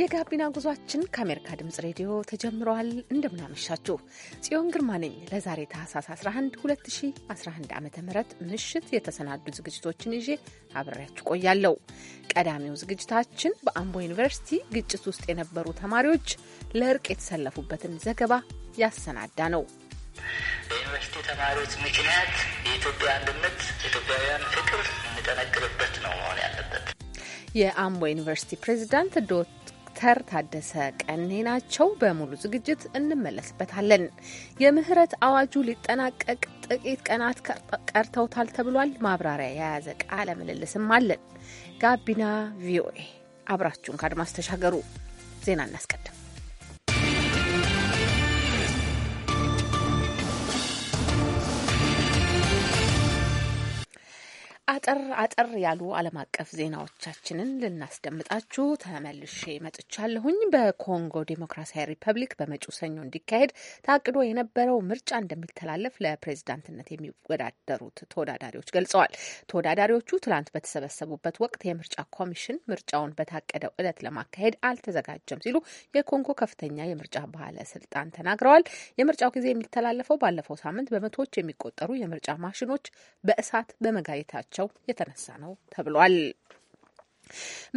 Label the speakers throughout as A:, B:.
A: የጋቢና ጉዟችን ከአሜሪካ ድምጽ ሬዲዮ ተጀምረዋል። እንደምናመሻችሁ ጽዮን ግርማ ነኝ። ለዛሬ ታህሳስ 11 2011 ዓ ም ምሽት የተሰናዱ ዝግጅቶችን ይዤ አብሬያችሁ ቆያለሁ። ቀዳሚው ዝግጅታችን በአምቦ ዩኒቨርሲቲ ግጭት ውስጥ የነበሩ ተማሪዎች ለእርቅ የተሰለፉበትን ዘገባ ያሰናዳ ነው።
B: በዩኒቨርሲቲ ተማሪዎች ምክንያት የኢትዮጵያ አንድነት፣ ኢትዮጵያውያን ፍቅር የምንጠነክርበት ነው መሆን ያለበት።
A: የአምቦ ዩኒቨርሲቲ ፕሬዚዳንት ዶክተር ታደሰ ቀኔ ናቸው። በሙሉ ዝግጅት እንመለስበታለን። የምህረት አዋጁ ሊጠናቀቅ ጥቂት ቀናት ቀርተውታል ተብሏል። ማብራሪያ የያዘ ቃለ ምልልስም አለን። ጋቢና ቪኦኤ አብራችሁን ከአድማስ ተሻገሩ። ዜና እናስቀድም። አጠር አጠር ያሉ ዓለም አቀፍ ዜናዎቻችንን ልናስደምጣችሁ ተመልሼ መጥቻለሁኝ። በኮንጎ ዴሞክራሲያዊ ሪፐብሊክ በመጪው ሰኞ እንዲካሄድ ታቅዶ የነበረው ምርጫ እንደሚተላለፍ ለፕሬዚዳንትነት የሚወዳደሩት ተወዳዳሪዎች ገልጸዋል። ተወዳዳሪዎቹ ትላንት በተሰበሰቡበት ወቅት የምርጫ ኮሚሽን ምርጫውን በታቀደው ዕለት ለማካሄድ አልተዘጋጀም ሲሉ የኮንጎ ከፍተኛ የምርጫ ባለስልጣን ተናግረዋል። የምርጫው ጊዜ የሚተላለፈው ባለፈው ሳምንት በመቶዎች የሚቆጠሩ የምርጫ ማሽኖች በእሳት በመጋየታቸው መሆናቸው የተነሳ ነው ተብሏል።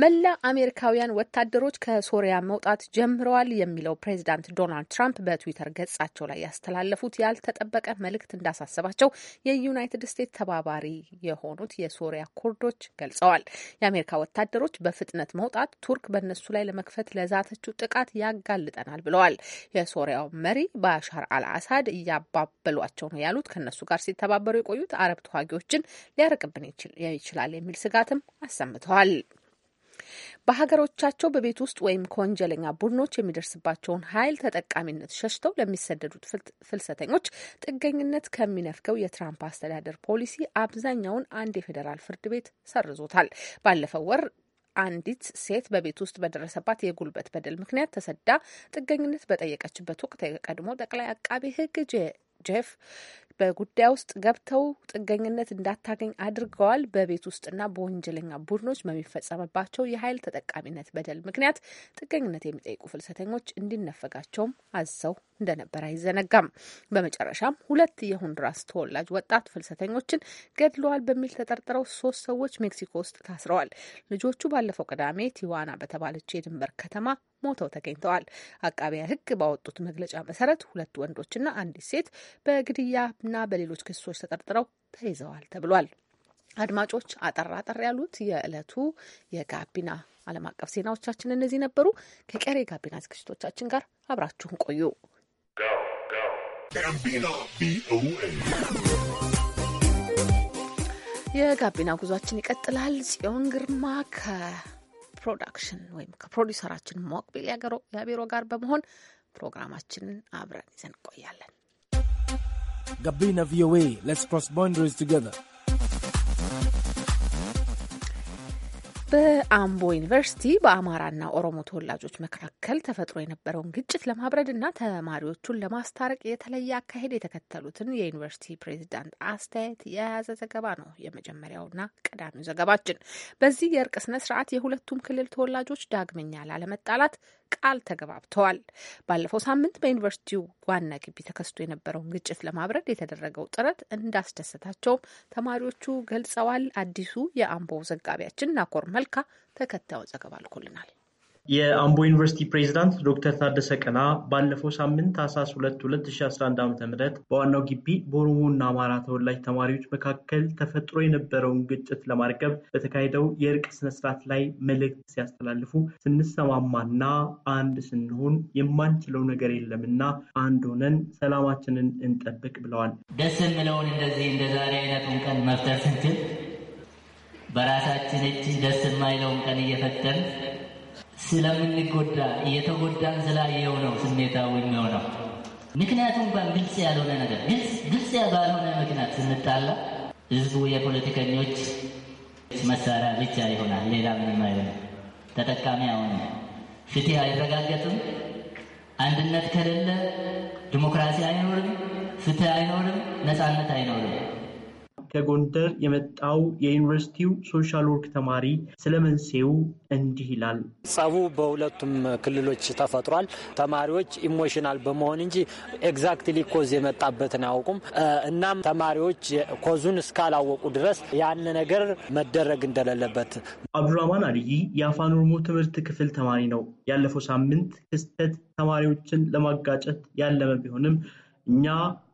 A: መላ አሜሪካውያን ወታደሮች ከሶሪያ መውጣት ጀምረዋል የሚለው ፕሬዚዳንት ዶናልድ ትራምፕ በትዊተር ገጻቸው ላይ ያስተላለፉት ያልተጠበቀ መልእክት እንዳሳሰባቸው የዩናይትድ ስቴትስ ተባባሪ የሆኑት የሶሪያ ኩርዶች ገልጸዋል። የአሜሪካ ወታደሮች በፍጥነት መውጣት ቱርክ በእነሱ ላይ ለመክፈት ለዛተችው ጥቃት ያጋልጠናል ብለዋል። የሶሪያው መሪ ባሻር አልአሳድ እያባበሏቸው ነው ያሉት ከእነሱ ጋር ሲተባበሩ የቆዩት አረብ ተዋጊዎችን ሊያርቅብን ይችላል የሚል ስጋትም አሰምተዋል። በሀገሮቻቸው በቤት ውስጥ ወይም ከወንጀለኛ ቡድኖች የሚደርስባቸውን ኃይል ተጠቃሚነት ሸሽተው ለሚሰደዱት ፍልሰተኞች ጥገኝነት ከሚነፍገው የትራምፕ አስተዳደር ፖሊሲ አብዛኛውን አንድ የፌዴራል ፍርድ ቤት ሰርዞታል። ባለፈው ወር አንዲት ሴት በቤት ውስጥ በደረሰባት የጉልበት በደል ምክንያት ተሰዳ ጥገኝነት በጠየቀችበት ወቅት የቀድሞ ጠቅላይ አቃቤ ሕግ ጄፍ በጉዳይ ውስጥ ገብተው ጥገኝነት እንዳታገኝ አድርገዋል። በቤት ውስጥና በወንጀለኛ ቡድኖች በሚፈጸምባቸው የኃይል ተጠቃሚነት በደል ምክንያት ጥገኝነት የሚጠይቁ ፍልሰተኞች እንዲነፈጋቸውም አዘው እንደነበር አይዘነጋም። በመጨረሻም ሁለት የሆንዱራስ ተወላጅ ወጣት ፍልሰተኞችን ገድለዋል በሚል ተጠርጥረው ሶስት ሰዎች ሜክሲኮ ውስጥ ታስረዋል። ልጆቹ ባለፈው ቅዳሜ ቲዋና በተባለች የድንበር ከተማ ሞተው ተገኝተዋል። አቃቢያ ሕግ ባወጡት መግለጫ መሰረት ሁለት ወንዶችና አንዲት ሴት በግድያና በሌሎች ክሶች ተጠርጥረው ተይዘዋል ተብሏል። አድማጮች አጠር አጠር ያሉት የዕለቱ የጋቢና ዓለም አቀፍ ዜናዎቻችን እነዚህ ነበሩ። ከቀሪ ጋቢና ዝግጅቶቻችን ጋር አብራችሁን ቆዩ። የጋቢና ጉዟችን ይቀጥላል። ጽዮን ግርማ ከ ከፕሮዳክሽን ወይም ከፕሮዲሰራችን ሞቅቢል ያቢሮ ጋር በመሆን ፕሮግራማችንን አብረን ይዘን እንቆያለን።
C: ጋቢና ቪኦኤ ሌትስ ክሮስ
D: ቦንደሪስ ቱጌዘር
A: በአምቦ ዩኒቨርሲቲ በአማራና ኦሮሞ ተወላጆች መካከል ተፈጥሮ የነበረውን ግጭት ለማብረድና ተማሪዎቹን ለማስታረቅ የተለየ አካሄድ የተከተሉትን የዩኒቨርሲቲ ፕሬዚዳንት አስተያየት የያዘ ዘገባ ነው የመጀመሪያውና ቀዳሚው ዘገባችን። በዚህ የእርቅ ስነ ስርዓት የሁለቱም ክልል ተወላጆች ዳግመኛ ላለመጣላት ቃል ተገባብተዋል። ባለፈው ሳምንት በዩኒቨርሲቲው ዋና ግቢ ተከስቶ የነበረውን ግጭት ለማብረድ የተደረገው ጥረት እንዳስደሰታቸውም ተማሪዎቹ ገልጸዋል። አዲሱ የአምቦ ዘጋቢያችን ናኮር መልካ ተከታዩን ዘገባ አልኮልናል።
E: የአምቦ ዩኒቨርሲቲ ፕሬዚዳንት ዶክተር ታደሰ ቀና ባለፈው ሳምንት ታህሳስ 2 2011 ዓ.ም በዋናው ግቢ በኦሮሞና አማራ ተወላጅ ተማሪዎች መካከል ተፈጥሮ የነበረውን ግጭት ለማርገብ በተካሄደው የእርቅ ስነስርዓት ላይ መልእክት ሲያስተላልፉ ስንሰማማና አንድ ስንሆን የማንችለው ነገር የለምና አንድ ሆነን ሰላማችንን እንጠብቅ ብለዋል።
B: ደስ የምለውን እንደዚህ እንደ ዛሬ አይነቱን ቀን መፍጠር ስንችል በራሳችን እጅ ደስ የማይለውን ቀን እየፈጠርን ስለምንጎዳ እየተጎዳን ስላየው ነው ስሜታዊ የሚሆነው። ምክንያቱም እንኳን ግልጽ ያልሆነ ነገር ግልጽ ባልሆነ ምክንያት ስንጣላ ህዝቡ የፖለቲከኞች መሳሪያ ብቻ ይሆናል። ሌላ ምንም አይሆንም። ተጠቃሚ አሁን ፍትህ አይረጋገጥም። አንድነት
F: ከሌለ ዲሞክራሲ አይኖርም፣
E: ፍትህ አይኖርም፣ ነፃነት አይኖርም። ከጎንደር የመጣው የዩኒቨርሲቲው ሶሻል ወርክ ተማሪ ስለ መንስኤው እንዲህ ይላል።
G: ጸቡ በሁለቱም ክልሎች ተፈጥሯል። ተማሪዎች ኢሞሽናል በመሆን እንጂ ኤግዛክትሊ ኮዝ የመጣበትን አያውቁም። እናም ተማሪዎች ኮዙን እስካላወቁ ድረስ ያን ነገር መደረግ እንደሌለበት
E: አብዱራማን አልይ የአፋን ኦሮሞ ትምህርት ክፍል ተማሪ ነው። ያለፈው ሳምንት ክስተት ተማሪዎችን ለማጋጨት ያለመ ቢሆንም እኛ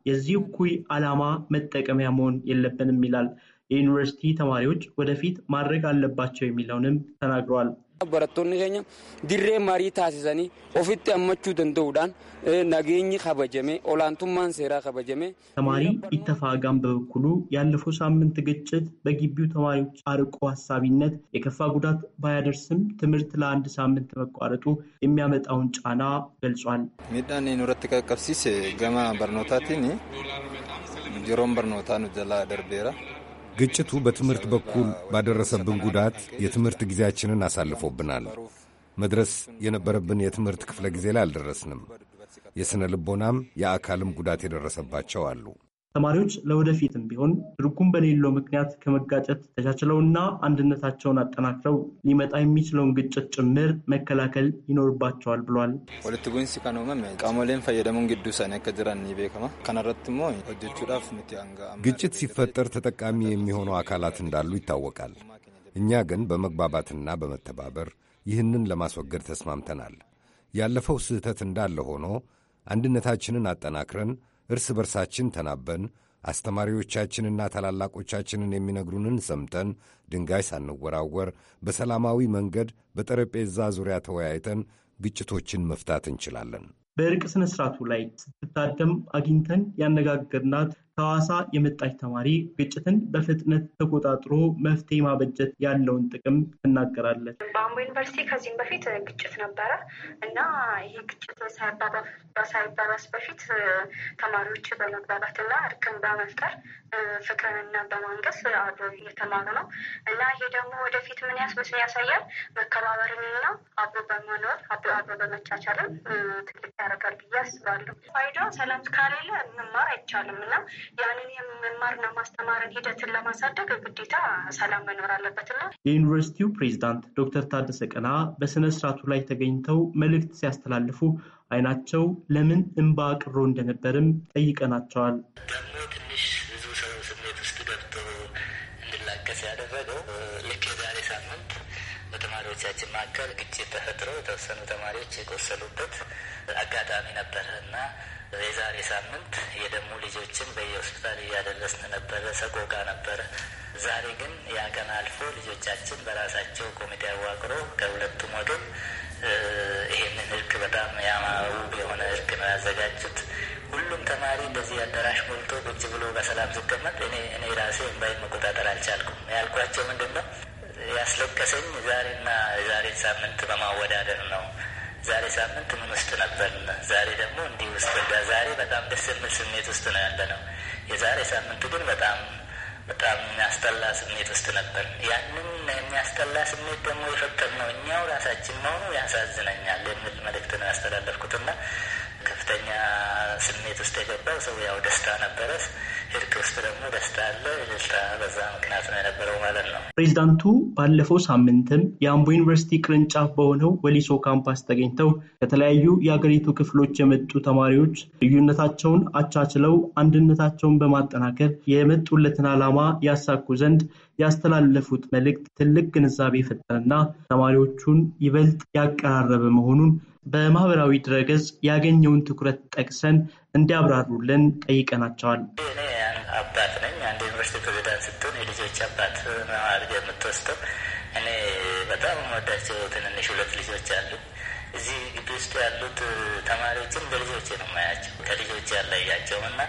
E: የዚህ እኩይ ዓላማ መጠቀሚያ መሆን የለብንም ይላል። የዩኒቨርሲቲ ተማሪዎች ወደፊት ማድረግ አለባቸው የሚለውንም ተናግረዋል። Barattoonni keenya dirree marii taasisanii ofitti hammachuu danda'uudhaan
G: eh, nageenyi kabajame olaantummaan ሴራ ከበጀመ
E: ተማሪ ኢተፋጋም በበኩሉ ያለፈው ሳምንት ግጭት በግቢው ተማሪዎች አርቆ ሀሳቢነት የከፋ ጉዳት ባያደርስም ትምህርት ለአንድ ሳምንት መቋረጡ የሚያመጣውን ጫና ገልጿል። ሚዳን
D: ኑረት ቀብሲስ ገማ በርኖታቲን የሮም በርኖታ ኑ ጀላ ደርቤራ
C: ግጭቱ በትምህርት በኩል ባደረሰብን ጉዳት የትምህርት ጊዜያችንን አሳልፎብናል። መድረስ የነበረብን የትምህርት ክፍለ ጊዜ ላይ አልደረስንም። የሥነ ልቦናም የአካልም ጉዳት የደረሰባቸው አሉ።
E: ተማሪዎች ለወደፊትም ቢሆን ትርጉም በሌለው ምክንያት ከመጋጨት ተቻችለውና አንድነታቸውን አጠናክረው ሊመጣ የሚችለውን ግጭት ጭምር መከላከል ይኖርባቸዋል ብሏል።
C: ግጭት ሲፈጠር ተጠቃሚ የሚሆኑ አካላት እንዳሉ ይታወቃል። እኛ ግን በመግባባትና በመተባበር ይህንን ለማስወገድ ተስማምተናል። ያለፈው ስህተት እንዳለ ሆኖ አንድነታችንን አጠናክረን እርስ በርሳችን ተናበን አስተማሪዎቻችንና ታላላቆቻችንን የሚነግሩንን ሰምተን ድንጋይ ሳንወራወር በሰላማዊ መንገድ በጠረጴዛ ዙሪያ ተወያይተን ግጭቶችን መፍታት እንችላለን።
E: በእርቅ ስነስርዓቱ ላይ ስትታደም አግኝተን ያነጋገርናት ከሐዋሳ የመጣች ተማሪ ግጭትን በፍጥነት ተቆጣጥሮ መፍትሄ ማበጀት ያለውን ጥቅም ትናገራለች።
F: በአምቦ ዩኒቨርሲቲ ከዚህም በፊት ግጭት ነበረ እና ይህ ግጭት ሳይባባስ በፊት ተማሪዎች በመግባባትና እርቅን በመፍጠር
G: ፍቅርንና በማንገስ አብሮ እየተማሩ ነው እና ይሄ ደግሞ ወደፊት ምን ያስመስል ያሳያል መከባበርንና አብሮ በመኖር አብሮ በመቻቻልን ትልቅ ያደርጋል ብዬ አስባለሁ። ፋይዳ ሰላም ከሌለ መማር አይቻልም እና ያንን የመማርና ማስተማርን ሂደትን ለማሳደግ ግዴታ ሰላም መኖር አለበትና
E: የዩኒቨርሲቲው ፕሬዚዳንት ዶክተር ታደሰ ቀና በስነ ስርዓቱ ላይ ተገኝተው መልእክት ሲያስተላልፉ አይናቸው ለምን እንባ አቅሮ እንደነበርም ጠይቀናቸዋል። ደግሞ ትንሽ
B: ተማሪዎቻችን መካከል ግጭት ተፈጥሮ የተወሰኑ ተማሪዎች የቆሰሉበት አጋጣሚ ነበር እና የዛሬ ሳምንት የደሙ ልጆችን በየሆስፒታል እያደረስን ነበረ። ሰቆቃ ነበረ። ዛሬ ግን ያ ቀን አልፎ ልጆቻችን በራሳቸው ኮሚቴ አዋቅሮ ከሁለቱም ወገን ይህንን እርቅ በጣም ያማሩ የሆነ እርቅ ነው ያዘጋጁት። ሁሉም ተማሪ እንደዚህ አዳራሽ ሞልቶ ቁጭ ብሎ በሰላም ሲቀመጥ እኔ እኔ ራሴ እምባዬን መቆጣጠር አልቻልኩም። ያልኳቸው ምንድን ነው ያስለቀሰኝ ዛሬና የዛሬ ሳምንት በማወዳደር ነው። ዛሬ ሳምንት ምን ውስጥ ነበር፣ ዛሬ ደግሞ እንዲህ ውስጥ ዛሬ በጣም ደስ የሚል ስሜት ውስጥ ነው ያለ ነው። የዛሬ ሳምንት ግን በጣም በጣም የሚያስጠላ ስሜት ውስጥ ነበር። ያንን የሚያስጠላ ስሜት ደግሞ የፈጠርነው እኛው ራሳችን መሆኑ ያሳዝነኛል የሚል መልእክት ነው ያስተላለፍኩትና ከፍተኛ ስሜት ውስጥ የገባው ሰው ያው ደስታ ነበረስ። እርቅ ውስጥ ደግሞ ደስታ ያለ እልልታ በዛ ምክንያት ነው የነበረው
E: ማለት ነው። ፕሬዚዳንቱ ባለፈው ሳምንትም የአምቦ ዩኒቨርሲቲ ቅርንጫፍ በሆነው ወሊሶ ካምፓስ ተገኝተው ከተለያዩ የአገሪቱ ክፍሎች የመጡ ተማሪዎች ልዩነታቸውን አቻችለው አንድነታቸውን በማጠናከር የመጡለትን ዓላማ ያሳኩ ዘንድ ያስተላለፉት መልእክት ትልቅ ግንዛቤ የፈጠረና ተማሪዎቹን ይበልጥ ያቀራረበ መሆኑን በማህበራዊ ድረገጽ ያገኘውን ትኩረት ጠቅሰን እንዲያብራሩልን ጠይቀናቸዋል።
B: አባት ነኝ። አንድ ዩኒቨርሲቲ ፕሬዚዳንት ስትሆን የልጆች አባት ማድረግ የምትወስደው። እኔ በጣም ወዳቸው ትንንሽ ሁለት ልጆች አሉ። እዚህ ግቢ ውስጥ ያሉት ተማሪዎችን በልጆች ነው ማያቸው ከልጆች ያለያቸውም እና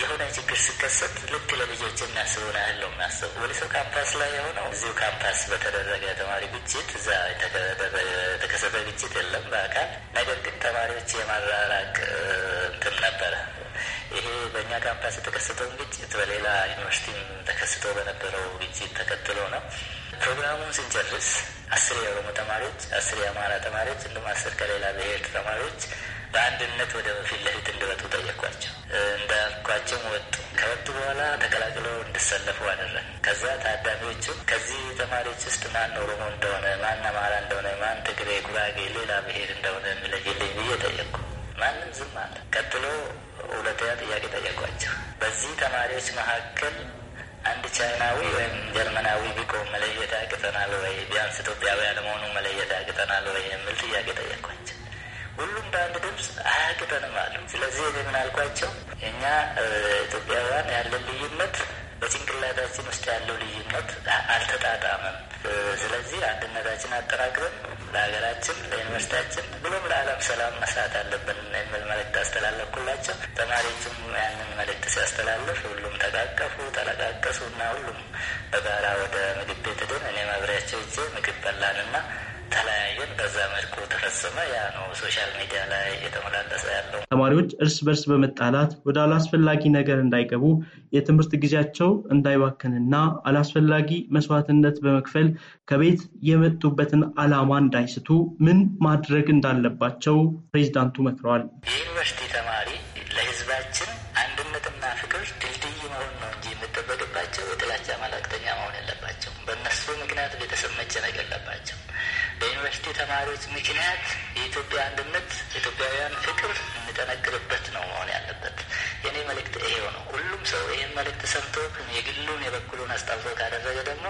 B: የሆነ ችግር ሲከሰት ልክ ለልጆች የሚያስበውን ያህል ነው የሚያስቡ። ወሊሶ ካምፓስ ላይ የሆነው እዚሁ ካምፓስ በተደረገ ተማሪ ግጭት እዛ የተከሰተ ግጭት የለም በአካል ነገር ግን ተማሪዎች የማራራቅ እንትን ነበረ። ይሄ በእኛ ካምፓስ የተከሰተውን ግጭት በሌላ ዩኒቨርሲቲ ተከስቶ በነበረው ግጭት ተከትሎ ነው። ፕሮግራሙን ስንጨርስ አስር የኦሮሞ ተማሪዎች፣ አስር የአማራ ተማሪዎች እንዲሁም አስር ከሌላ ብሔር ተማሪዎች በአንድነት ወደ ፊት ለፊት እንዲወጡ ጠየኳቸው። እንዳልኳቸውም ወጡ። ከወጡ በኋላ ተቀላቅለው እንዲሰለፉ አደረግ። ከዛ ታዳሚዎቹ ከዚህ ተማሪዎች ውስጥ ማን ኦሮሞ እንደሆነ፣ ማን አማራ እንደሆነ፣ ማን ትግሬ፣ ጉራጌ፣ ሌላ ብሄር እንደሆነ የሚለይልኝ ብዬ ጠየቅኩ። ማንም ዝም አለ። ቀጥሎ ሁለተኛ ጥያቄ ጠየቋቸው። በዚህ ተማሪዎች መካከል አንድ ቻይናዊ ወይም ጀርመናዊ ቢቆ መለየት ያቅተናል ወይ? ቢያንስ ኢትዮጵያዊ አለመሆኑ መለየት ያቅተናል ወይ? የሚል ጥያቄ ጠየቋቸው። ሁሉም በአንድ አልተመለከተንም አሉ። ስለዚህ እኔ ምን አልኳቸው፣ እኛ ኢትዮጵያውያን ያለን ልዩነት በጭንቅላታችን ውስጥ ያለው ልዩነት አልተጣጣመም። ስለዚህ አንድነታችን አጠናክረን ለሀገራችን፣ ለዩኒቨርሲቲያችን ብሎም ለዓለም ሰላም መስራት አለብን የሚል መልእክት አስተላለፍኩላቸው። ተማሪዎችም ያንን መልእክት ሲያስተላልፍ ሁሉም ተቃቀፉ፣ ተለቃቀሱ እና ሁሉም በጋራ ወደ ምግብ ቤት ድን እኔ መብሪያቸው ይዤ ምግብ በላንና ተለያየን በዛ እየተፈጸመ ያ ነው ሶሻል ሚዲያ ላይ እየተመላለሰ ያለው። ተማሪዎች
E: እርስ በርስ በመጣላት ወደ አላስፈላጊ ነገር እንዳይገቡ የትምህርት ጊዜያቸው እንዳይባክንና አላስፈላጊ መስዋዕትነት በመክፈል ከቤት የመጡበትን ዓላማ እንዳይስቱ ምን ማድረግ እንዳለባቸው ፕሬዚዳንቱ መክረዋል።
B: የዩኒቨርሲቲ ተማሪ በዩኒቨርሲቲ ተማሪዎች ምክንያት የኢትዮጵያ አንድነት፣ ኢትዮጵያውያን ፍቅር የሚጠነክርበት ነው መሆን ያለበት። የኔ መልእክት ይሄው ነው። ሁሉም ሰው ይህን መልእክት ሰምቶ የግሉን የበኩሉን አስተዋጽኦ ካደረገ ደግሞ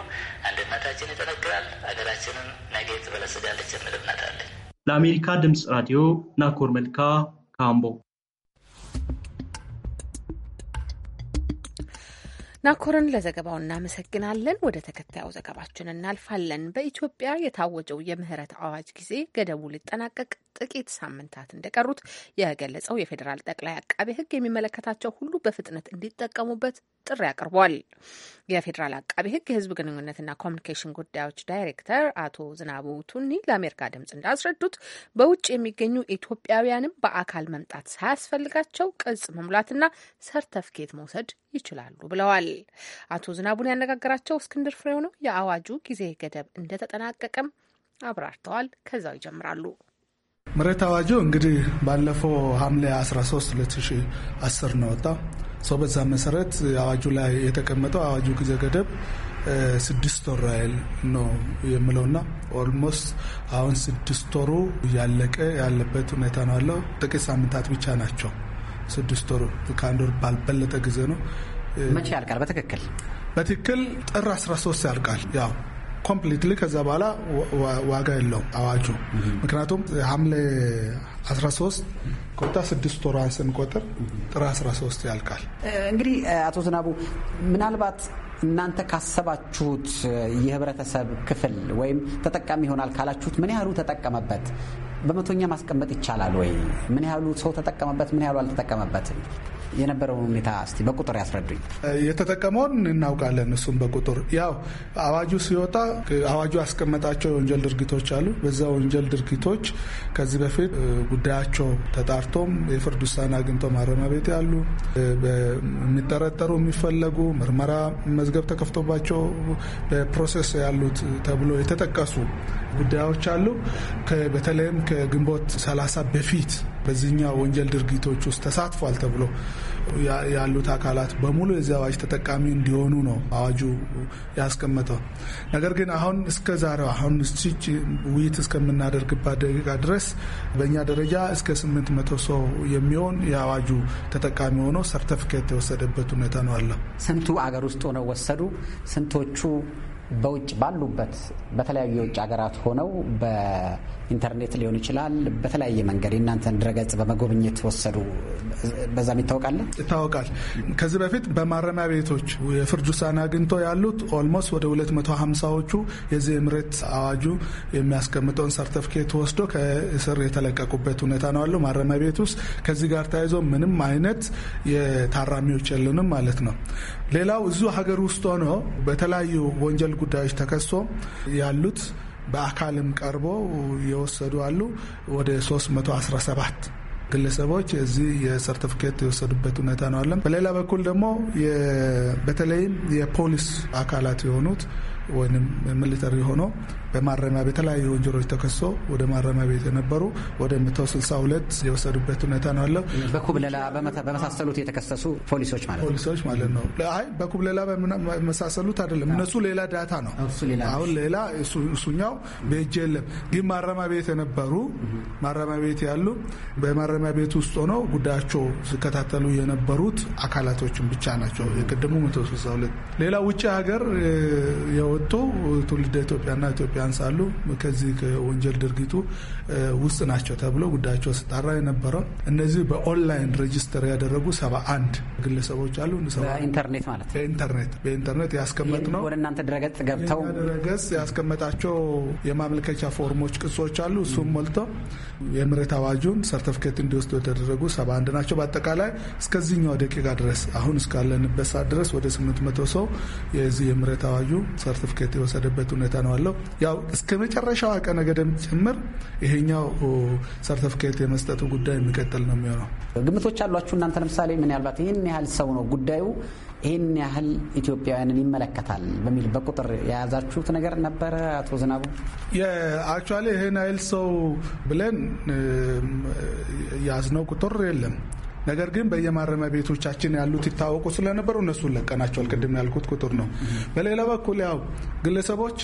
B: አንድነታችን ይጠነክራል፣ ሀገራችንን ነገ
E: ትበለጽጋለች የሚል እምነት አለኝ። ለአሜሪካ ድምፅ ራዲዮ ናኮር መልካ ካምቦ
A: ናኮርን ለዘገባው እናመሰግናለን። ወደ ተከታዩ ዘገባችን እናልፋለን። በኢትዮጵያ የታወጀው የምህረት አዋጅ ጊዜ ገደቡ ሊጠናቀቅ ጥቂት ሳምንታት እንደቀሩት የገለጸው የፌዴራል ጠቅላይ አቃቤ ሕግ የሚመለከታቸው ሁሉ በፍጥነት እንዲጠቀሙበት ጥሪ አቅርቧል። የፌዴራል አቃቤ ህግ የህዝብ ግንኙነትና ኮሚኒኬሽን ጉዳዮች ዳይሬክተር አቶ ዝናቡ ቱኒ ለአሜሪካ ድምጽ እንዳስረዱት በውጭ የሚገኙ ኢትዮጵያውያንም በአካል መምጣት ሳያስፈልጋቸው ቅጽ መሙላትና ሰርተፍኬት መውሰድ ይችላሉ ብለዋል። አቶ ዝናቡን ያነጋገራቸው እስክንድር ፍሬው ነው። የአዋጁ ጊዜ ገደብ እንደተጠናቀቀም አብራርተዋል። ከዛው ይጀምራሉ።
D: መሬት አዋጁ እንግዲህ ባለፈው ሐምሌ 13 2010 ነው ወጣው ሰው በዛ መሰረት አዋጁ ላይ የተቀመጠው አዋጁ ጊዜ ገደብ ስድስት ወር ያህል ነው የምለውና ኦልሞስት አሁን ስድስት ወሩ እያለቀ ያለበት ሁኔታ ነው ያለው። ጥቂት ሳምንታት ብቻ ናቸው። ስድስት ወሩ ከአንድ ወር ባልበለጠ ጊዜ ነው። መቼ ያልቃል? በትክክል በትክክል ጥር 13 ያልቃል ያው ኮምፕሊትሊ ከዛ በኋላ ዋጋ የለውም አዋጁ። ምክንያቱም ሐምሌ 13 ቆጣ ስድስት ወሯን ስንቆጥር ጥር 13 ያልቃል።
G: እንግዲህ አቶ ዝናቡ ምናልባት እናንተ ካሰባችሁት የህብረተሰብ ክፍል ወይም ተጠቃሚ ይሆናል ካላችሁት ምን ያህሉ ተጠቀመበት? በመቶኛ ማስቀመጥ ይቻላል ወይ? ምን ያህሉ ሰው ተጠቀመበት?
D: ምን ያህሉ አልተጠቀመበትም?
G: የነበረውን ሁኔታ እስቲ በቁጥር ያስረዱኝ።
D: የተጠቀመውን እናውቃለን። እሱም በቁጥር ያው አዋጁ ሲወጣ አዋጁ ያስቀመጣቸው የወንጀል ድርጊቶች አሉ። በዛ ወንጀል ድርጊቶች ከዚህ በፊት ጉዳያቸው ተጣርቶም የፍርድ ውሳኔ አግኝቶ ማረሚያ ቤት ያሉ የሚጠረጠሩ የሚፈለጉ ምርመራ መዝገብ ተከፍቶባቸው በፕሮሴስ ያሉት ተብሎ የተጠቀሱ ጉዳዮች አሉ። በተለይም ከግንቦት ሰላሳ በፊት በዚህኛው ወንጀል ድርጊቶች ውስጥ ተሳትፏል ተብሎ ያሉት አካላት በሙሉ የዚህ አዋጅ ተጠቃሚ እንዲሆኑ ነው አዋጁ ያስቀመጠው። ነገር ግን አሁን እስከ ዛሬው አሁን ስች ውይይት እስከምናደርግባት ደቂቃ ድረስ በእኛ ደረጃ እስከ ስምንት መቶ ሰው የሚሆን የአዋጁ ተጠቃሚ ሆኖ ሰርተፍኬት የወሰደበት ሁኔታ ነው አለ።
G: ስንቱ አገር ውስጥ ሆነው ወሰዱ? ስንቶቹ በውጭ ባሉበት በተለያዩ የውጭ ሀገራት ሆነው ኢንተርኔት ሊሆን ይችላል። በተለያየ መንገድ የእናንተን ድረገጽ በመጎብኘት ወሰዱ።
D: በዛም ይታወቃል ይታወቃል። ከዚህ በፊት በማረሚያ ቤቶች የፍርድ ውሳኔ አግኝቶ ያሉት ኦልሞስት ወደ 250ዎቹ የዚህ የምህረት አዋጁ የሚያስቀምጠውን ሰርተፍኬት ወስዶ ከእስር የተለቀቁበት ሁኔታ ነው ያለው ማረሚያ ቤት ውስጥ። ከዚህ ጋር ተያይዞ ምንም አይነት የታራሚዎች የለንም ማለት ነው። ሌላው እዚሁ ሀገር ውስጥ ሆኖ በተለያዩ ወንጀል ጉዳዮች ተከሶ ያሉት በአካልም ቀርቦ የወሰዱ አሉ። ወደ 317 ግለሰቦች እዚህ የሰርቲፊኬት የወሰዱበት ሁኔታ ነው አለም። በሌላ በኩል ደግሞ በተለይም የፖሊስ አካላት የሆኑት ወይም ሚሊተሪ ሆኖ በማረሚያ በተለያዩ ወንጀሎች ተከሶ ወደ ማረሚያ ቤት የነበሩ ወደ 162 የወሰዱበት ሁኔታ ነው ያለው።
G: በኩብለላ በመሳሰሉት የተከሰሱ ፖሊሶች
D: ማለት ፖሊሶች ማለት ነው። አይ በኩብለላ በመሳሰሉት አይደለም። እነሱ ሌላ ዳታ ነው። አሁን ሌላ እሱኛው በእጅ የለም። ግን ማረሚያ ቤት የነበሩ ማረሚያ ቤት ያሉ በማረሚያ ቤት ውስጥ ሆነው ጉዳያቸው ሲከታተሉ የነበሩት አካላቶችን ብቻ ናቸው። የቅድሙ 162 ሌላ ውጭ ሀገር የወጡ ትውልደ ኢትዮጵያና ኢትዮጵያ ያንሳሉ ከዚህ ከወንጀል ድርጊቱ ውስጥ ናቸው ተብሎ ጉዳያቸው ስጣራ የነበረው እነዚህ በኦንላይን ሬጅስተር ያደረጉ ሰባ አንድ ግለሰቦች አሉ። ኢንተርኔት ማለት በኢንተርኔት በኢንተርኔት ያስቀመጥ
G: ነው። ወደ እናንተ ድረገጽ ገብተው
D: ድረገጽ ያስቀመጣቸው የማመልከቻ ፎርሞች ቅጾች አሉ። እሱም ሞልቶ የምሬት አዋጁን ሰርተፍኬት እንዲወስዱ የተደረጉ ሰባ አንድ ናቸው። በአጠቃላይ እስከዚህኛው ደቂቃ ድረስ አሁን እስካለንበት ሰዓት ድረስ ወደ ስምንት መቶ ሰው የዚህ የምሬት አዋጁ ሰርቲፊኬት የወሰደበት ሁኔታ ነው አለው። ያው እስከ መጨረሻዋ ቀነ ገደም ጭምር ይሄኛው ሰርተፍኬት የመስጠቱ ጉዳይ የሚቀጥል ነው የሚሆነው።
G: ግምቶች አሏችሁ እናንተ? ለምሳሌ ምናልባት ይህን ያህል ሰው ነው ጉዳዩ ይህን ያህል ኢትዮጵያውያንን ይመለከታል በሚል በቁጥር የያዛችሁት ነገር ነበረ? አቶ ዝናቡ
D: አክቹዋሊ ይህን ያህል ሰው ብለን ያዝነው ቁጥር የለም። ነገር ግን በየማረሚያ ቤቶቻችን ያሉት ይታወቁ ስለነበሩ እነሱን ለቀናቸዋል። ቅድም ያልኩት ቁጥር ነው። በሌላ በኩል ያው ግለሰቦች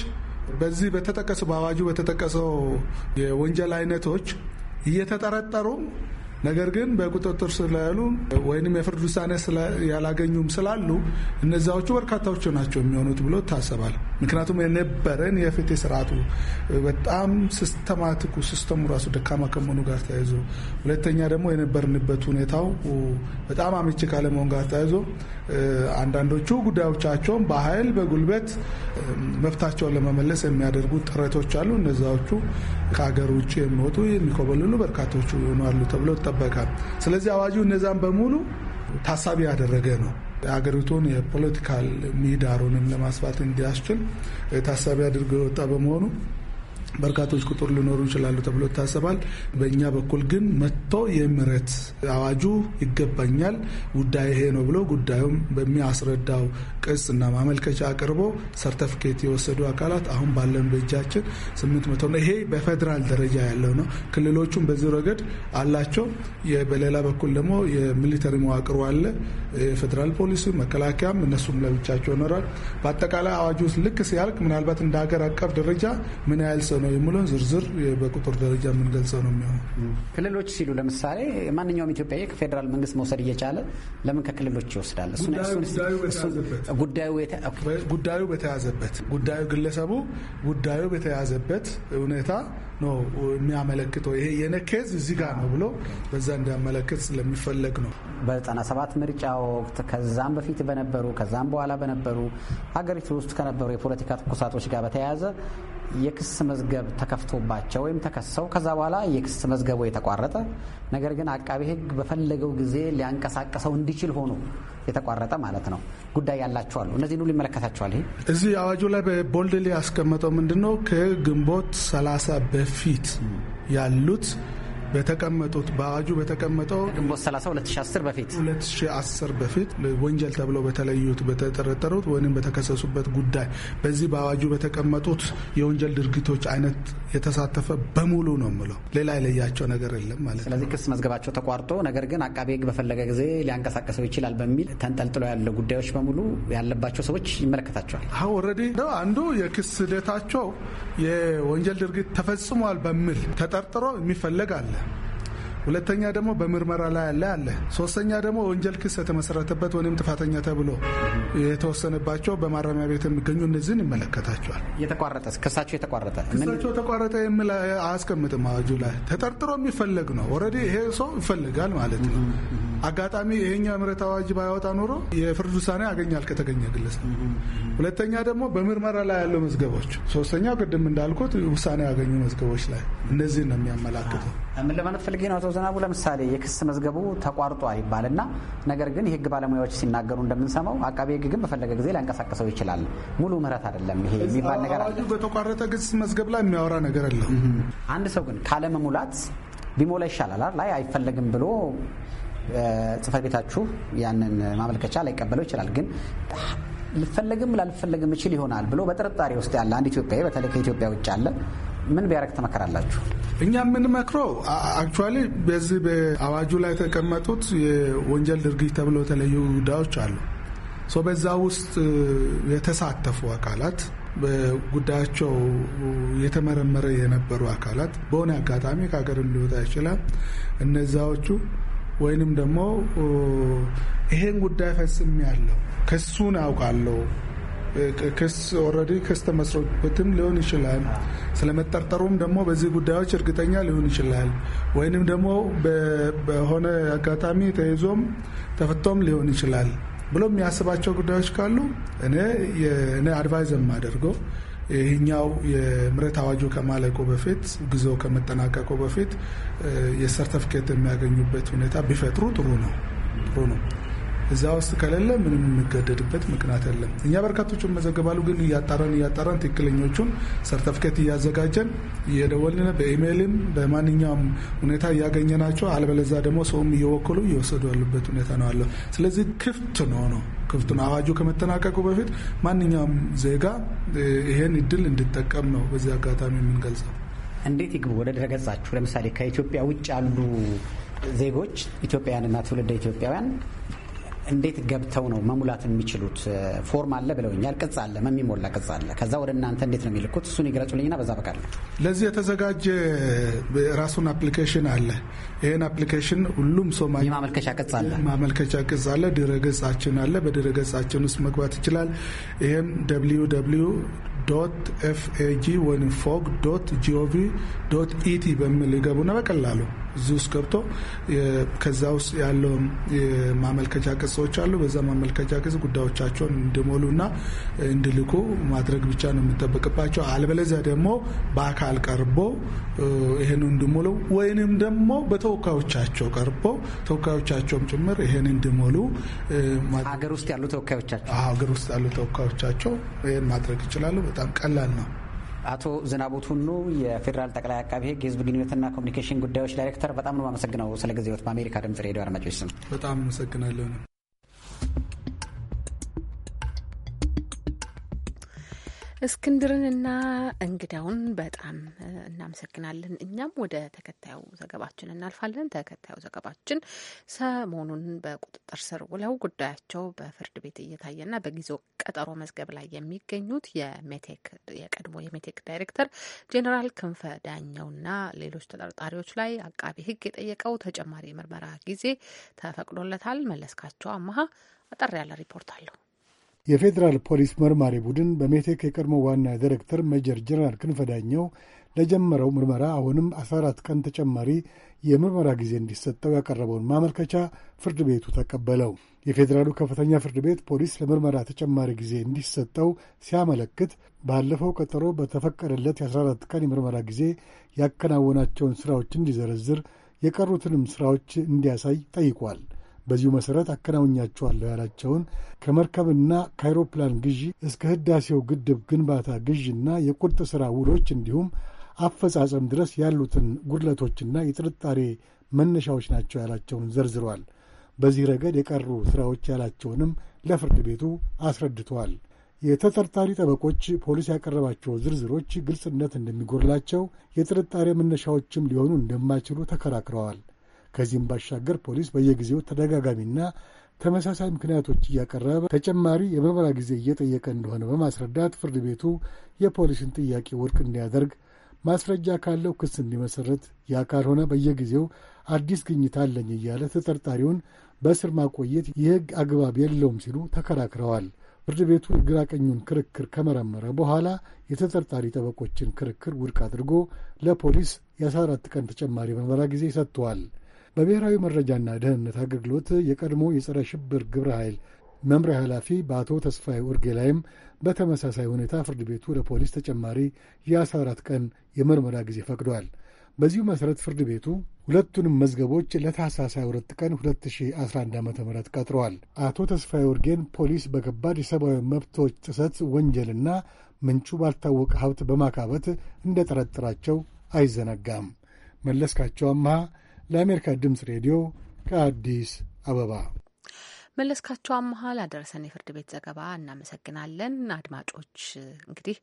D: በዚህ በተጠቀሰው በአዋጁ በተጠቀሰው የወንጀል አይነቶች እየተጠረጠሩ ነገር ግን በቁጥጥር ስር ያሉ የፍርድ ውሳኔ ያላገኙም ስላሉ እነዚያዎቹ በርካታዎቹ ናቸው የሚሆኑት ብሎ ይታሰባል። ምክንያቱም የነበረን የፍትህ ስርዓቱ በጣም ሲስተማቲኩ ሲስተሙ ራሱ ደካማ ከመሆኑ ጋር ተያይዞ፣ ሁለተኛ ደግሞ የነበርንበት ሁኔታው በጣም አመቺ ካለመሆን ጋር ተያይዞ አንዳንዶቹ ጉዳዮቻቸውን በኃይል በጉልበት መብታቸውን ለመመለስ የሚያደርጉ ጥረቶች አሉ። እነዚያዎቹ ከሀገር ውጭ የሚወጡ የሚኮበልሉ በርካቶቹ ይሆናሉ ተብሎ ይጠበቃል። ስለዚህ አዋጁ እነዛን በሙሉ ታሳቢ ያደረገ ነው። አገሪቱን የፖለቲካል ምህዳሩንም ለማስፋት እንዲያስችል ታሳቢ አድርጎ የወጣ በመሆኑ በርካቶች ቁጥር ሊኖሩ ይችላሉ ተብሎ ይታሰባል። በእኛ በኩል ግን መጥቶ የምህረት አዋጁ ይገባኛል ጉዳይ ይሄ ነው ብሎ ጉዳዩም በሚያስረዳው ቅጽና ማመልከቻ አቅርቦ ሰርተፍኬት የወሰዱ አካላት አሁን ባለን በእጃችን ስምንት መቶ ነው። ይሄ በፌዴራል ደረጃ ያለው ነው። ክልሎቹም በዚህ ረገድ አላቸው። በሌላ በኩል ደግሞ የሚሊተሪ መዋቅሩ አለ። የፌዴራል ፖሊስ መከላከያም፣ እነሱም ለብቻቸው ይኖራል። በአጠቃላይ አዋጁ ልክ ሲያልቅ ምናልባት እንደ ሀገር አቀፍ ደረጃ ምን ያህል ሰው ነው የሚለውን ዝርዝር በቁጥር ደረጃ የምንገልጸው ነው የሚሆነው።
G: ክልሎች ሲሉ ለምሳሌ ማንኛውም ኢትዮጵያዊ ከፌዴራል መንግስት መውሰድ እየቻለ ለምን ከክልሎች ይወስዳል?
D: ጉዳዩ በተያዘበት ጉዳዩ ግለሰቡ ጉዳዩ በተያዘበት ሁኔታ ነው የሚያመለክተው። ይሄ የነኬዝ እዚህ ጋር ነው ብሎ በዛ እንዲያመለክት ስለሚፈለግ
G: ነው። በ97 ምርጫ ወቅት ከዛም በፊት በነበሩ ከዛም በኋላ በነበሩ ሀገሪቱ ውስጥ ከነበሩ የፖለቲካ ትኩሳቶች ጋር በተያያዘ የክስ መዝገብ ተከፍቶባቸው ወይም ተከሰው ከዛ በኋላ የክስ መዝገቡ የተቋረጠ ነገር ግን አቃቤ ሕግ በፈለገው ጊዜ ሊያንቀሳቀሰው እንዲችል ሆኖ የተቋረጠ ማለት ነው። ጉዳይ ያላቸው አሉ። እነዚህን ሁሉ ይመለከታቸዋል። ይሄ
D: እዚህ አዋጁ ላይ በቦልድ ላይ ያስቀመጠው ምንድን ነው? ከግንቦት ሰላሳ በፊት ያሉት በተቀመጡት በአዋጁ በተቀመጠው ግንቦት 30 2010 በፊት 2010 በፊት ወንጀል ተብሎ በተለዩት በተጠረጠሩት ወይም በተከሰሱበት ጉዳይ በዚህ በአዋጁ በተቀመጡት የወንጀል ድርጊቶች አይነት የተሳተፈ በሙሉ ነው የምለው። ሌላ የለያቸው ነገር የለም ማለት
G: ነው። ስለዚህ ክስ መዝገባቸው ተቋርጦ ነገር ግን አቃቤ ሕግ በፈለገ ጊዜ ሊያንቀሳቀሰው ይችላል በሚል ተንጠልጥሎ ያለው ጉዳዮች በሙሉ ያለባቸው ሰዎች ይመለከታቸዋል።
D: አሁ ረዲ አንዱ የክስ ሂደታቸው የወንጀል ድርጊት ተፈጽሟል በሚል ተጠርጥሮ የሚፈለግ አለ። ሁለተኛ ደግሞ በምርመራ ላይ ያለ አለ። ሶስተኛ ደግሞ ወንጀል ክስ የተመሰረተበት ወይም ጥፋተኛ ተብሎ የተወሰነባቸው በማረሚያ ቤት የሚገኙ እነዚህን ይመለከታቸዋል። የተቋረጠ
G: ክሳቸው የተቋረጠ
D: ክሳቸው የተቋረጠ የሚል አያስቀምጥም አዋጁ ላይ ተጠርጥሮ የሚፈለግ ነው። ኦልሬዲ ይሄ ሰው ይፈልጋል ማለት ነው አጋጣሚ ይሄኛው ምረት አዋጅ ባያወጣ ኖሮ የፍርድ ውሳኔ ያገኛል ከተገኘ ግለሰብ። ሁለተኛ ደግሞ በምርመራ ላይ ያለው መዝገቦች፣ ሶስተኛው ቅድም እንዳልኩት ውሳኔ ያገኙ መዝገቦች ላይ እነዚህን ነው የሚያመላክተው።
G: ምን ለማለት ፈልጌ ነው አቶ ዘናቡ፣ ለምሳሌ የክስ መዝገቡ ተቋርጧል ይባልና ነገር ግን የህግ ባለሙያዎች ሲናገሩ እንደምንሰማው አቃቤ ህግ ግን በፈለገ ጊዜ ሊያንቀሳቀሰው ይችላል። ሙሉ ምህረት አይደለም ይሄ የሚባል ነገር
D: አለ። በተቋረጠ ክስ መዝገብ ላይ የሚያወራ ነገር አለ።
G: አንድ ሰው ግን ካለመሙላት ቢሞላ ይሻላል ላይ አይፈለግም ብሎ ጽህፈት ቤታችሁ ያንን ማመልከቻ ላይቀበለው ይችላል። ግን ልፈለግም ላልፈለግም እችል ይሆናል ብሎ በጥርጣሬ ውስጥ ያለ አንድ ኢትዮጵያዊ በተለይ ከኢትዮጵያ ውጭ አለ ምን ቢያደርግ ትመክራላችሁ?
D: እኛ የምንመክረው አክቹዋሊ በዚህ በአዋጁ ላይ የተቀመጡት የወንጀል ድርጊት ተብሎ የተለዩ ጉዳዮች አሉ። በዛ ውስጥ የተሳተፉ አካላት በጉዳያቸው የተመረመረ የነበሩ አካላት በሆነ አጋጣሚ ከሀገር ሊወጣ ይችላል። እነዛዎቹ ወይንም ደግሞ ይሄን ጉዳይ ፈጽም ያለው ክሱን አውቃለሁ ክስ ኦልሬዲ ክስ ተመስሮበትም ሊሆን ይችላል። ስለመጠርጠሩም ደግሞ በዚህ ጉዳዮች እርግጠኛ ሊሆን ይችላል። ወይንም ደግሞ በሆነ አጋጣሚ ተይዞም ተፈቶም ሊሆን ይችላል ብሎ የሚያስባቸው ጉዳዮች ካሉ እኔ እኔ አድቫይዝ የማደርገው ይህኛው የምረት አዋጁ ከማለቁ በፊት ጊዜው ከመጠናቀቁ በፊት የሰርተፍኬት የሚያገኙበት ሁኔታ ቢፈጥሩ ጥሩ ነው ጥሩ ነው። እዛ ውስጥ ከሌለ ምንም የሚገደድበት ምክንያት የለም። እኛ በርካቶቹን መዘገባሉ፣ ግን እያጣራን እያጣራን ትክክለኞቹን ሰርተፍኬት እያዘጋጀን እየደወልን በኢሜይልም በማንኛውም ሁኔታ እያገኘ ናቸው አለበለዛ ደግሞ ሰውም እየወከሉ እየወሰዱ ያሉበት ሁኔታ ነው አለው። ስለዚህ ክፍት ነው ነው ክፍት ነው። አዋጁ ከመጠናቀቁ በፊት ማንኛውም ዜጋ ይሄን እድል እንዲጠቀም ነው በዚህ አጋጣሚ የምንገልጸው።
G: እንዴት ይግቡ ወደ ድረገጻችሁ? ለምሳሌ ከኢትዮጵያ ውጭ ያሉ ዜጎች ኢትዮጵያውያንና ትውልደ ኢትዮጵያውያን እንዴት ገብተው ነው መሙላት የሚችሉት? ፎርም አለ ብለውኛል። ቅጽ አለ፣ የሚሞላ ቅጽ አለ። ከዛ ወደ እናንተ እንዴት ነው የሚልኩት? እሱን ይገለጹልኝና በዛ በቃል
D: ለዚህ የተዘጋጀ ራሱን አፕሊኬሽን አለ። ይህን አፕሊኬሽን ሁሉም ሰው የማመልከቻ ቅጽ አለ፣ ማመልከቻ ቅጽ አለ፣ ድረገጻችን አለ። በድረገጻችን ውስጥ መግባት ይችላል። ይህም ደብሊዩ ደብሊዩ ዶት ኤፍኤጂ ወይም ፎግ ዶት ጂኦቪ ዶት ኢቲ በሚል ይገቡና በቀላሉ እዚህ ውስጥ ገብቶ ከዛ ውስጥ ያለው ማመልከቻ ቅጾች አሉ። በዛ ማመልከቻ ቅጽ ጉዳዮቻቸውን እንዲሞሉና እንዲልኩ ማድረግ ብቻ ነው የምንጠበቅባቸው። አልበለዚያ ደግሞ በአካል ቀርቦ ይህን እንድሞሉ ወይንም ደግሞ በተወካዮቻቸው ቀርቦ ተወካዮቻቸውም ጭምር ይህን እንድሞሉ ሀገር ውስጥ ያሉ ተወካዮቻቸው ሀገር ውስጥ ያሉ ተወካዮቻቸው ይህን ማድረግ ይችላሉ። በጣም ቀላል ነው።
G: አቶ ዝናቡ ቱኑ የፌዴራል ጠቅላይ አቃቢ ሕግ የህዝብ ግንኙነትና ኮሚኒኬሽን ጉዳዮች ዳይሬክተር፣ በጣም ነው የማመሰግነው ስለ ጊዜዎት። በአሜሪካ ድምጽ ሬዲዮ አድማጮች ስም
D: በጣም አመሰግናለሁ
A: እስክንድርንና እንግዳውን በጣም እናመሰግናለን። እኛም ወደ ተከታዩ ዘገባችን እናልፋለን። ተከታዩ ዘገባችን ሰሞኑን በቁጥጥር ስር ውለው ጉዳያቸው በፍርድ ቤት እየታየና በጊዜው ቀጠሮ መዝገብ ላይ የሚገኙት የሜቴክ የቀድሞ የሜቴክ ዳይሬክተር ጄኔራል ክንፈ ዳኘውና ሌሎች ተጠርጣሪዎች ላይ አቃቢ ሕግ የጠየቀው ተጨማሪ ምርመራ ጊዜ ተፈቅዶለታል። መለስካቸው አመሀ አጠር ያለ ሪፖርት አለው።
C: የፌዴራል ፖሊስ መርማሪ ቡድን በሜቴክ የቀድሞ ዋና ዲሬክተር ሜጀር ጀነራል ክንፈ ዳኘው ለጀመረው ምርመራ አሁንም 14 ቀን ተጨማሪ የምርመራ ጊዜ እንዲሰጠው ያቀረበውን ማመልከቻ ፍርድ ቤቱ ተቀበለው። የፌዴራሉ ከፍተኛ ፍርድ ቤት ፖሊስ ለምርመራ ተጨማሪ ጊዜ እንዲሰጠው ሲያመለክት ባለፈው ቀጠሮ በተፈቀደለት የ14 ቀን የምርመራ ጊዜ ያከናወናቸውን ሥራዎች እንዲዘረዝር የቀሩትንም ሥራዎች እንዲያሳይ ጠይቋል። በዚሁ መሠረት አከናውኛቸዋለሁ ያላቸውን ከመርከብና ከአይሮፕላን ግዢ እስከ ህዳሴው ግድብ ግንባታ ግዢና የቁርጥ ሥራ ውሎች እንዲሁም አፈጻጸም ድረስ ያሉትን ጉድለቶችና የጥርጣሬ መነሻዎች ናቸው ያላቸውን ዘርዝሯል። በዚህ ረገድ የቀሩ ሥራዎች ያላቸውንም ለፍርድ ቤቱ አስረድተዋል። የተጠርጣሪ ጠበቆች ፖሊስ ያቀረባቸው ዝርዝሮች ግልጽነት እንደሚጎድላቸው፣ የጥርጣሬ መነሻዎችም ሊሆኑ እንደማይችሉ ተከራክረዋል። ከዚህም ባሻገር ፖሊስ በየጊዜው ተደጋጋሚና ተመሳሳይ ምክንያቶች እያቀረበ ተጨማሪ የምርመራ ጊዜ እየጠየቀ እንደሆነ በማስረዳት ፍርድ ቤቱ የፖሊስን ጥያቄ ውድቅ እንዲያደርግ ማስረጃ ካለው ክስ እንዲመሰረት፣ ያ ካልሆነ በየጊዜው አዲስ ግኝት አለኝ እያለ ተጠርጣሪውን በእስር ማቆየት የሕግ አግባብ የለውም ሲሉ ተከራክረዋል። ፍርድ ቤቱ የግራ ቀኙን ክርክር ከመረመረ በኋላ የተጠርጣሪ ጠበቆችን ክርክር ውድቅ አድርጎ ለፖሊስ የ14 ቀን ተጨማሪ ምርመራ ጊዜ ሰጥቷል። በብሔራዊ መረጃና ደህንነት አገልግሎት የቀድሞ የጸረ ሽብር ግብረ ኃይል መምሪያ ኃላፊ በአቶ ተስፋዬ ኡርጌ ላይም በተመሳሳይ ሁኔታ ፍርድ ቤቱ ለፖሊስ ተጨማሪ የ14 ቀን የምርመራ ጊዜ ፈቅዷል። በዚሁ መሠረት ፍርድ ቤቱ ሁለቱንም መዝገቦች ለታህሳስ 22 ቀን 2011 ዓ ም ቀጥረዋል። አቶ ተስፋዬ ኡርጌን ፖሊስ በከባድ የሰብአዊ መብቶች ጥሰት ወንጀልና ምንጩ ባልታወቀ ሀብት በማካበት እንደጠረጠራቸው አይዘነጋም። መለስካቸው አምሃ ለአሜሪካ ድምፅ ሬዲዮ ከአዲስ አበባ
A: መለስካቸው አመሃል አደረሰን የፍርድ ቤት ዘገባ እናመሰግናለን። አድማጮች እንግዲህ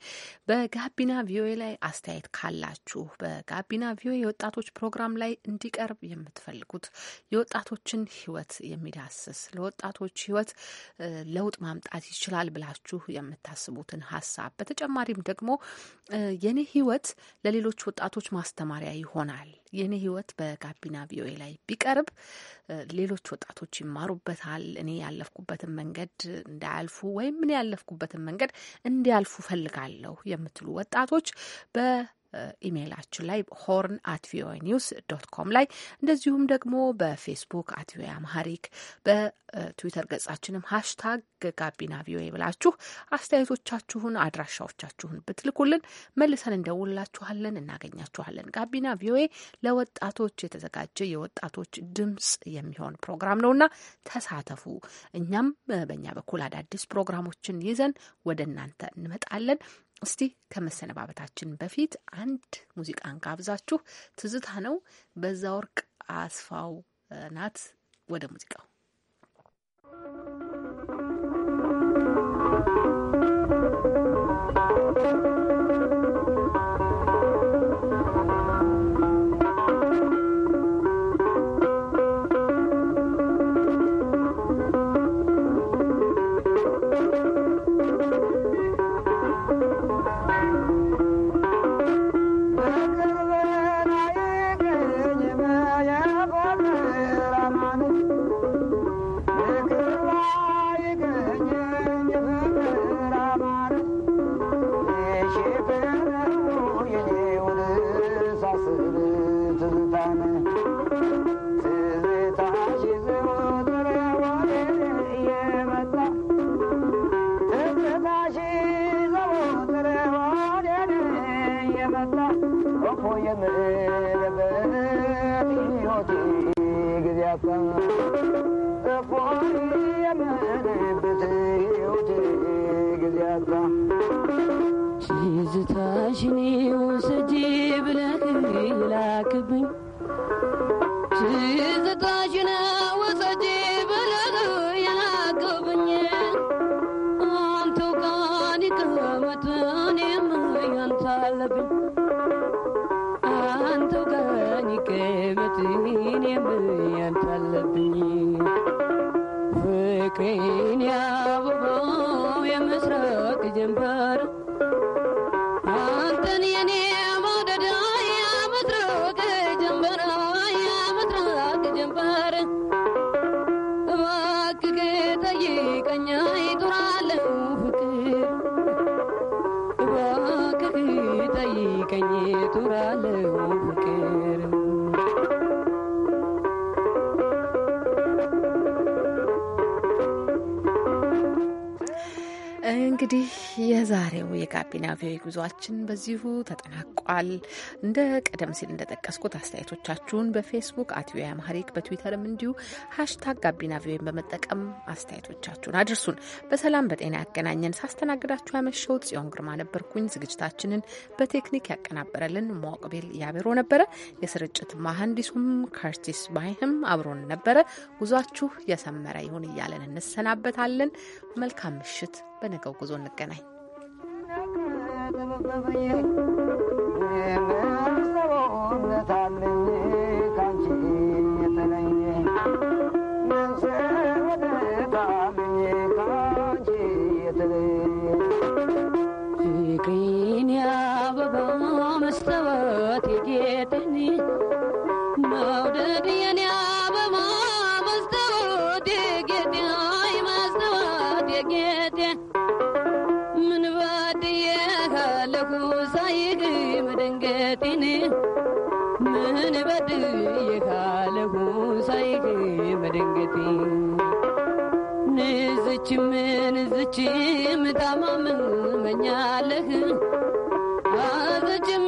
A: በጋቢና ቪኦኤ ላይ አስተያየት ካላችሁ በጋቢና ቪኦኤ የወጣቶች ፕሮግራም ላይ እንዲቀርብ የምትፈልጉት የወጣቶችን ሕይወት የሚዳስስ ለወጣቶች ሕይወት ለውጥ ማምጣት ይችላል ብላችሁ የምታስቡትን ሀሳብ በተጨማሪም ደግሞ የኔ ሕይወት ለሌሎች ወጣቶች ማስተማሪያ ይሆናል የኔ ህይወት በጋቢና ቪኦኤ ላይ ቢቀርብ ሌሎች ወጣቶች ይማሩበታል። እኔ ያለፍኩበትን መንገድ እንዳያልፉ ወይም እኔ ያለፍኩበትን መንገድ እንዲያልፉ ፈልጋለሁ የምትሉ ወጣቶች ኢሜይላችን ላይ ሆርን አት ቪኦኤ ኒውስ ዶት ኮም ላይ እንደዚሁም ደግሞ በፌስቡክ አት ቪኦኤ አማሃሪክ በትዊተር ገጻችንም ሀሽታግ ጋቢና ቪኦኤ ብላችሁ አስተያየቶቻችሁን፣ አድራሻዎቻችሁን ብትልኩልን መልሰን እንደውላችኋለን፣ እናገኛችኋለን። ጋቢና ቪኦኤ ለወጣቶች የተዘጋጀ የወጣቶች ድምጽ የሚሆን ፕሮግራም ነው እና ተሳተፉ። እኛም በእኛ በኩል አዳዲስ ፕሮግራሞችን ይዘን ወደ እናንተ እንመጣለን። እስቲ ከመሰነባበታችን በፊት አንድ ሙዚቃን ጋብዛችሁ ትዝታ ነው በዛ ወርቅ አስፋው ናት። ወደ ሙዚቃው
F: እኔም ያንተ አለብኝ አንተው ጋኝ ቅበት እኔም ያንተ አለብኝ ፍቅሬን ያበበው የምስራቅ ጀንበር
A: የዛሬው የጋቢና ቪኦኤ ጉዟችን በዚሁ ተጠናቋል። እንደ ቀደም ሲል እንደጠቀስኩት አስተያየቶቻችሁን በፌስቡክ አት ቪኦኤ አማሪክ በትዊተርም እንዲሁ ሀሽታግ ጋቢና ቪኦኤን በመጠቀም አስተያየቶቻችሁን አድርሱን። በሰላም በጤና ያገናኘን። ሳስተናግዳችሁ ያመሸውት ጽዮን ግርማ ነበርኩኝ። ዝግጅታችንን በቴክኒክ ያቀናበረልን ሞቅቤል ያቤሮ ነበረ። የስርጭት መሐንዲሱም ከርቲስ ባይህም አብሮን ነበረ። ጉዟችሁ የሰመረ ይሁን እያለን እንሰናበታለን። መልካም ምሽት። በነገው ጉዞ እንገናኝ።
F: በበየ በድንገቴ ንዝችም ንዝችም ታማምን መኛለህ አዘችም